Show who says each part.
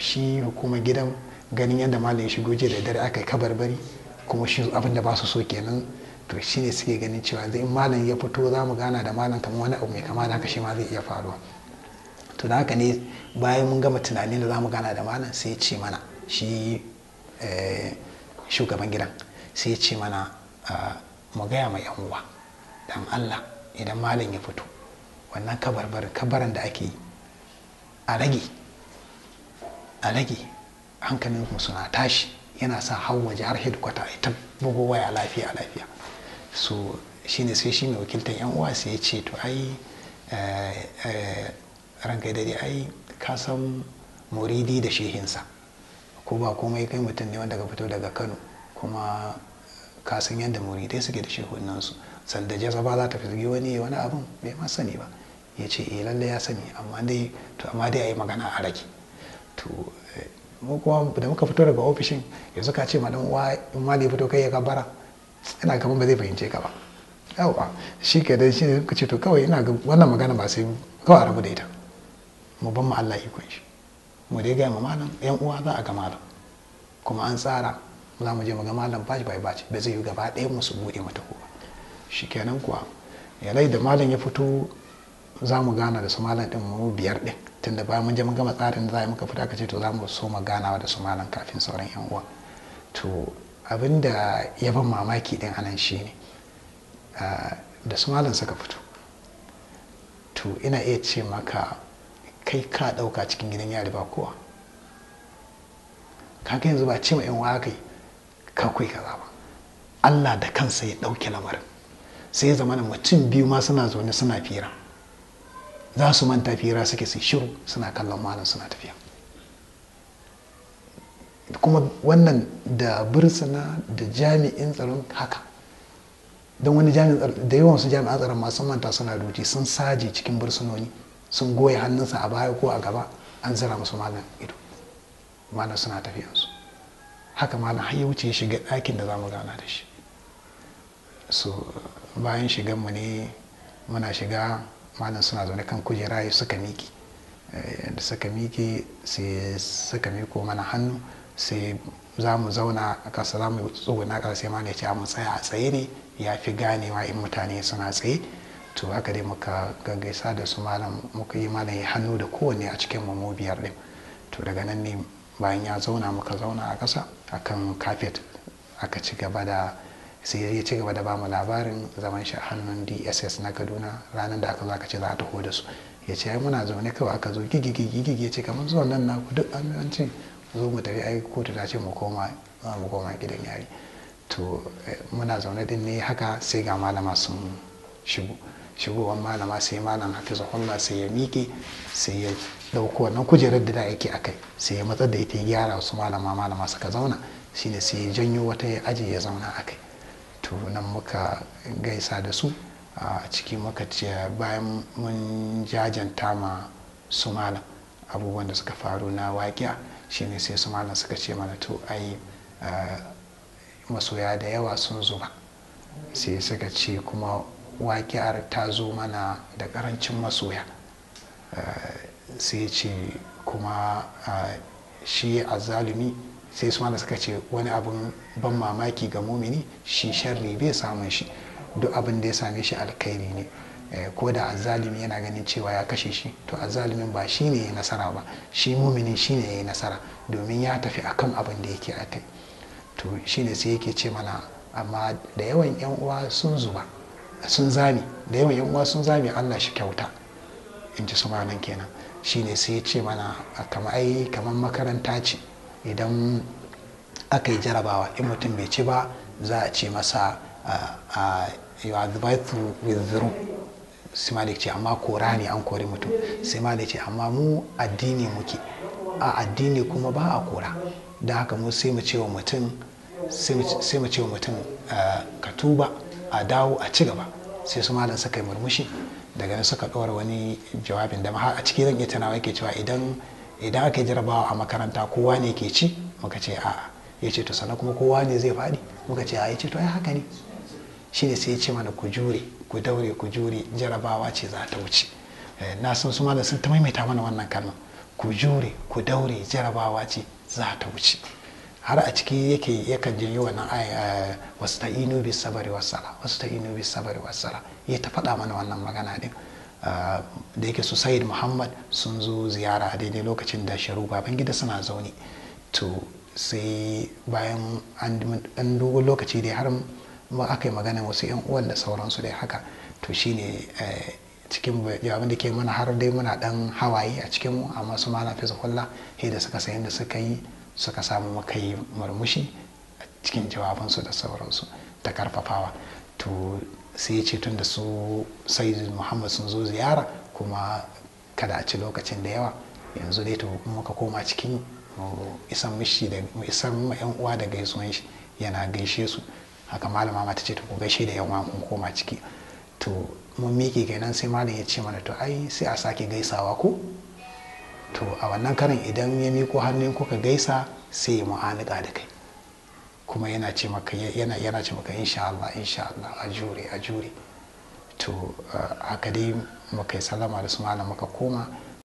Speaker 1: shi hukumar gidan ganin yadda malam ya shigo jiya da dare aka yi kabarbari kuma shi abin da ba su so kenan to shi ne suke ganin cewa zai malam ya fito za mu gana da malam kamar wani abu mai kama da haka shi ma zai iya faruwa to da haka ne bayan mun gama tunanin da za mu gana da malam sai ce mana shi eh, shugaban gidan sai ce mana ah, mu gaya mai yan uwa dan Allah idan malam ya fito wannan kabarbar kabaran da ake yi a rage a rage hankalin suna tashi yana sa waje har hedikwata ita bugo waya lafiya lafiya so shine sai shi mai wakiltar yan uwa sai ya ce to ai eh, eh, rangai dare ai ka san muridi da shehinsa ko ba komai kai mutum ne wanda ka fito daga kano kuma ka san yadda muridai suke da shehunansu sanda jazaba za ta fi wani wani abin bai ma sani ba ya ce eh, lallai ya sani amma dai to amma dai a yi magana a rage to eh, mu kuma da muka fito daga ofishin yanzu ka ce ma dan uwa in ma da ya fito kai ya bara ina kaman ba zai fahimce ka ba yawa shi ke da shi ka ce to kawai ina ga wannan magana ba sai kawai rabu da ita mu ban mu Allah ikon shi mu dai ga malam yan uwa za a ga malam kuma an tsara za mu je mu ga malam bashi bai baci ba zai yi gaba ɗaya mu su buɗe mata kowa shi kenan kuwa yalai da malam ya fito za mu gana da su malam ɗin mu biyar ɗin tunda bayan mun je mun gama tsarin da za muka fita ka ce to za mu so mu ganawa da su malam kafin sauran yan uwa to abin da ya ban mamaki din anan ne da su malam suka fito to ina iya ce maka kai ka ɗauka cikin gidan yari ba kowa kaga yanzu ba ce ma yan uwa kai ka kai kaza ba Allah da kansa ya ɗauki lamarin sai ya mutum biyu ma suna zaune suna fira za su manta fira suke su shiru suna kallon malam suna tafiya kuma wannan da bursuna da jami'in tsaron haka don wani jami'in da yawan su jami'an tsaron masu manta suna duci sun saje cikin bursunoni sun goya hannunsa a baya ko a gaba an zira musu malam ido malam suna tafiyansu haka malam har wuce shiga ɗakin da za mu gana da shi so bayan shigan mu ne muna shiga malam suna zaune kan kujera ya suka miki eh, da suka miki sai suka miko mana hannu sai za mu zauna a kasa za mu na kasa sai malam ya ce mu tsaya a tsaye ne ya fi ganewa in mutane suna tsaye to haka dai muka gaggaisa da su malam muka yi malam ya hannu da kowanne a cikin mu biyar din to daga nan ne bayan ya zauna muka zauna a ƙasa akan kafet aka ci gaba da sai ya ci gaba da bamu labarin zaman shi a hannun dss na kaduna ranar da aka zo aka ce za a taho da su ya ce muna zaune kawai aka zo gigi gigi ya ce kamar zuwan nan na duk an zo mu tafi ai kotu ta ce mu koma mu koma gidan yari to eh, muna zaune din ne haka sai ga malama sun shigo shigowar malama sai malam hafizahullah sai ya miƙe sai ya dauko wannan kujerar da da yake akai sai ya matsar da ita ya gyara wasu malama malama suka zauna shine sai ya janyo wata ya ajiye ya zauna akai to nan muka gaisa da su a ciki muka ce bayan mun jajanta ma su malam abubuwan da suka faru na shi shine sai su malam suka ce mana to ai masoya da yawa sun zuba sai suka ce kuma wakiyar ta zo mana da ƙarancin masoya sai ce kuma shi azalumi sai su suka ce wani abin ban mamaki ga mumini shi sharri bai samun shi duk abin da ya same shi alkhairi ne eh, ko da azalimi yana ganin cewa ya kashe shi to azalimin ba shi ne ya nasara ba shi muminin shi ne ya yi nasara domin ya tafi akan abin da yake a kai to shi ne sai yake ce mana amma da yawan yan uwa sun zuba sun zami da yawan yan uwa sun zami Allah shi kyauta in ji su kenan shi ne sai ya ce mana kamar ai kamar makaranta ce idan aka yi jarabawa in mutum bai ci ba za a ce masa you are to withdraw sai malik ce amma kora ne an kori mutum sai malik ce amma mu addini muke a addini kuma ba a kora don haka mu sai mu ce wa mutum sai mu ce mutum ka tuba a dawo a ci gaba sai su malam suka yi murmushi daga nan suka ɗora wani jawabin da har a ciki zan iya tunawa yake cewa idan idan aka yi jarabawa a makaranta kowa ne ke ci muka ce a'a ya ce to sannan kuma kowa ne zai faɗi muka ce a'a ya ce to ai haka ne shi ne sai ya ce mana ku jure ku daure ku jure jarabawa ce za ta wuce eh, na san su malam sun ta maimaita mana wannan kalma ku jure ku daure jarabawa ce za ta wuce har a ciki yake yakan jin yi wannan aya wasu ta inu bi sabari wasala wasu ta inu bi sabari wasala ya ta faɗa mana wannan magana din da yake su sayid muhammad sun zo ziyara a daidai lokacin da sharu gida suna zaune to sai bayan an dogon lokaci dai har ma aka yi magana wasu yan uwan da sauransu dai haka to shine eh, cikin jawabin da ke mana har dai muna dan hawaye a cikin mu amma su malam fizikullah he da suka sayan da suka yi suka samu makai murmushi a cikin jawabansu da sauransu ta karfafawa to sai ya ce tun da su sayyid muhammad sun zo ziyara kuma kada a ci lokacin da yawa yanzu dai to muka koma cikin isan mishi da isan yan uwa da gaisuwan shi yana gaishe su haka malama mata ce ta ku gaishe da yan uwa kun koma ciki to mun miƙe kenan sai malam ya ce mana to ai sai a sake gaisawa ku to a wannan karin idan ya miko hannun kuka gaisa sai ya mu'anika da kai kuma yana ce maka yana yana ce maka insha Allah insha Allah a jure a jure to ah, haka dai muka yi sallama da su malam muka koma